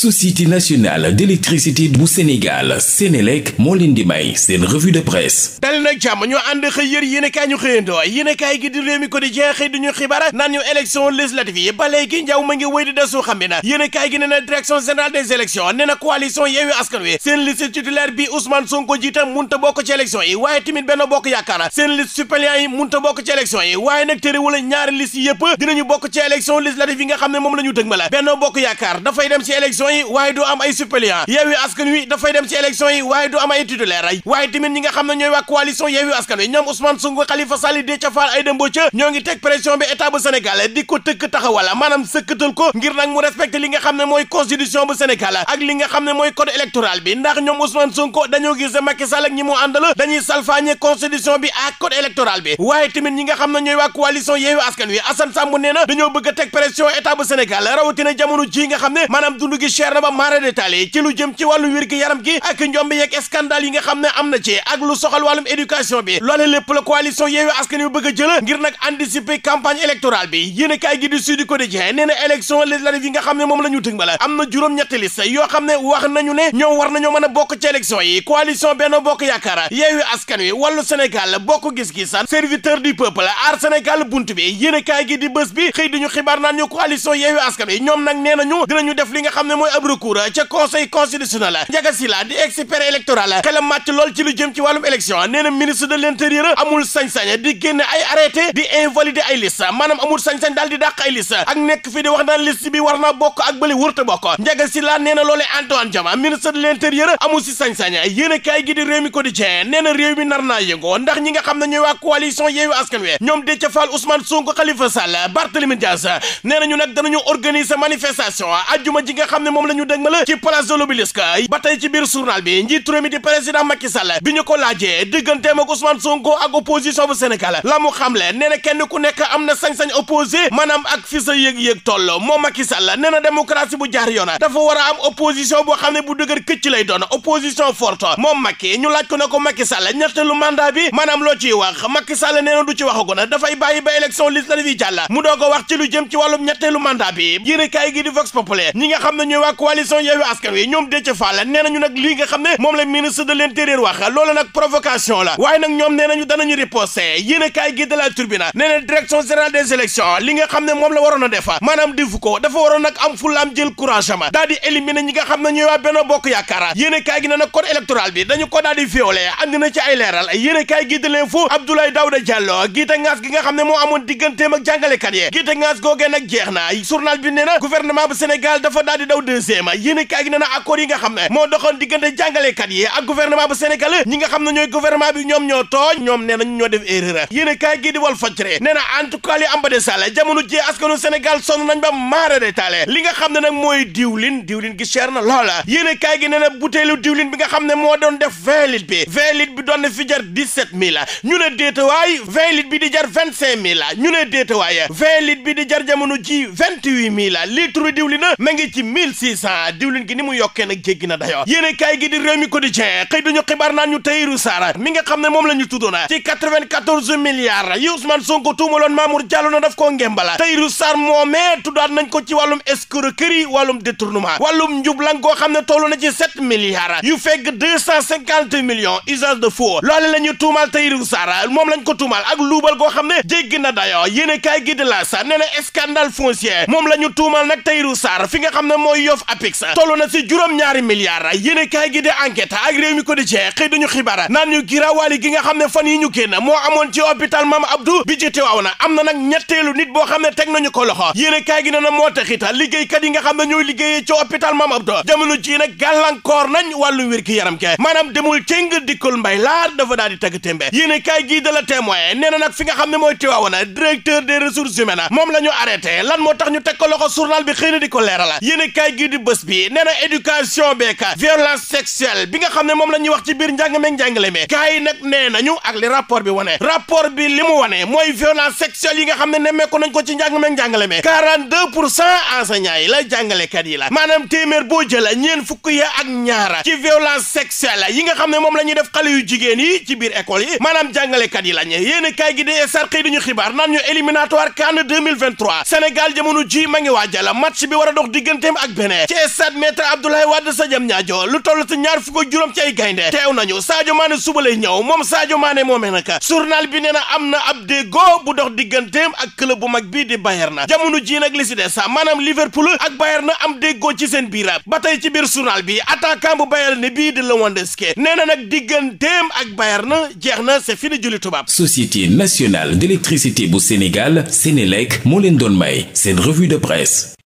société nationale d'électricité bu Sénégal Sénélec moo leen di may seen de presse dali nag jàmm ñu ànd xëy yër yéenekaay ñu xëyandoo yéenekaay gi di yi ba léegi njaw ma di desu xam bi na yéenekaay gi nee na direction générale des élections nee na coalition Yewwi Askan Wi seen liste titulaire yi waaye tamit benn bokk yaakaar seen liste suppléant yi munta bokk ci élection yi waaye nag terewul ñaari liste yëpp bokk ci élection yi nga xam ne moom la ñu dëgmal Benno élection yi waaye du am ay suppléant Yewwi Askan Wi dafay dem ci élection yi waaye du am ay titulaire ay waaye tamit ñi nga xam ne ñooy waa coalition Yewwi Askan Wi ñoom Ousmane dañoo gis teg pression état bu Sénégal rawatina jamono ji nga xam ne maanaam dund Ceerno Ba maara détaillé ci lu jëm ci wàllu wér gi yaram gi ak njombi yeeg scandale yi nga xam ne am na ci ak lu soxal wàllum éducation bi loole lépp la coalition Yewwi Askan Wi bëgg a ngir nag anticiper campagne électorale bi yéen a kaay gi di Sud Quotidien nee na élection législative yi nga xam ne moom la ñu tëg bala am na juróom-ñetti liste yoo xam ne wax nañu ne ñoom war nañoo mën a bokk ci élection yi coalition Benno Bokk Yaakaar Yewwi a mooy ab recours ca conseil constitutionnel Ndiaga di expert électoral xelam màcc lool ci lu jëm ci wàllum élection nee ministre de l'intérieur amul sañ-sañ di génne ay arrêté di invalider ay liste maanaam amul sañ-sañ daal di dàq ay liste ak nekk fi di wax naan bi war bokk ak bële wurta bokk Ndiaga Sylla nee Antoine Diome ministre de l'intérieur amul si sañ-sañ yéen a kaay gi réew mi quotidien nee na réew mi nar naa yëngoo ndax ñi nga xam na ñu moom la ñu dégmal ci place de l'Obélisque ba tey ci biir journal bi njiitu réew mi di président Macky bi ñu ko laajee digganteem ak Ousmane Sonko ak opposition bu Sénégal la mu xamle nee na kenn ku nekk am na sañ-sañ opposé maanaam ak fi sa yëg-yëg toll moom Macky Sall nee na bu jaar dafa war a am opposition boo xam ne bu dëgër këcc lay doon opposition forte moom Macky ñu laaj ko ne ko Macky Sall ñetteelu mandat bi maanaam loo ciy wax na du ba élection législative yi jàll mu doog a wax ci lu jëm ci waa coalition Yewwi Askan Wi ñoom Déthié Fall nee nañu nag lii xam ne moom la ministre de l'intérieur wax loolu nag provocation la waaye nag ñoom nee nañu danañu riposte yéen a kaay gi de la Tribune nee na des élections li xam ne moom la waroon a def maanaam defu dafa waroon am fulaam jël courage ma daal di xam ne ñooy waa Bokk Yaakaar yéen a kaay gi bi dañu ko daal di violé andi na ci ay deuxième yéen kaay gi nee na yi nga xam ne moo doxoon diggante jàngalekat yi ak gouvernement bu Sénégal ñi nga xam ne ñooy gouvernement bi ñoom ñoo tooñ ñoom nee ñoo def erreur yéen kaay gi di wal fajre nee na en tout cas ji askanu Sénégal sonn nañ ba maara de taale li nga xam ne nag diwlin diwlin gi cher na loola yéen kaay gi nee butéelu diwlin bi nga xam ne moo doon def vingt bi vingt bi doon fi jar dix-sept mille ñu ñu ne déetawaay 600 diwlin gi ni mu yokkee nag jéggi na dayoo yéene gi di réew mi quotidien xëy duñu xibaar naan ñu Tahirou Sarr mi nga xam ne moom la ñu tuddoona ci 94 milliards yi Ousmane Sonko tuumaloon Mamour Diallo na daf koo ngembala Tahirou Sarr moomee tuddaat nañ ko ci wàllum escroquerie wàllum détournement wàllum njublan koo xam ne toll na ci 7 milliards yu fekk 250 millions usage de faux loole la ñu tuumal Tahirou Sarr moom la ñu tuumal Yoff APEX toll na si juróom-ñaari milliards yéene kaay gi de enquête ak réew mi ko di cee xëy dañu xibaar naan ñu giraawaali gi nga xam ne fan yi ñu génn moo amoon ci hôpital Mame Abdou bi ci teewaaw na am na nag ñetteelu nit boo xam ne teg nañu ko loxo yéene kaay gi na na moo taxit liggéeykat yi nga xam ne ñooy liggéeyee ci hôpital Mame Abdou jamono ji nag gàllankoor nañ wàllu wér ki yaram ke maanaam demul di dikkul mbay laar dafa daal di tagg témbe yéene kaay gi de la témoin nee na nag nga xam ne mooy teewaaw na directeur des ressources humaines moom la ñu arrêté lan moo tax ñu teg ko loxo journal xëy na di ko leeral yéene gi di bés bi nee na éducation beek violence sexuelle bi nga xam ne moom la wax ci biir njàng njàngale me gars yi nag nee nañu ak li rapport bi wane rapport bi li mu wane mooy violence sexuelle yi nga xam ne nemmeeku nañ ko ci njàng meeg njàngale me 42 pour cent enseignants yi la jàngalekat yi la maanaam téeméer boo jëla ñeen fukk ya ak ñaara ci violence sexuelle yi nga xam ne moom la def xale yu jigéen yi ci biir école yi maanaam jàngalekat a kaay gi de ne ci stade maître Abdoulaye Wade sa jam ñaajo lu toll ci ñaar fukk juróom ci ay gaynde teew nañu Sadio Mané suba lay ñëw moom Sadio Mané moomee naka journal bi nee na am na ab déggoo bu dox digganteem ak club bu mag bii di Bayern na jamono ji nag li si des maanaam Liverpool ak Bayern na am déggoo ci seen biir ba tey ci biir journal bi attaquant bu Bayern ne bii di Lewandowski nee na nag digganteem ak Bayern na jeex na fi fini julli tubaab. Société nationale d'électricité bu Sénégal Sénélec moo leen doon may seen revue de presse.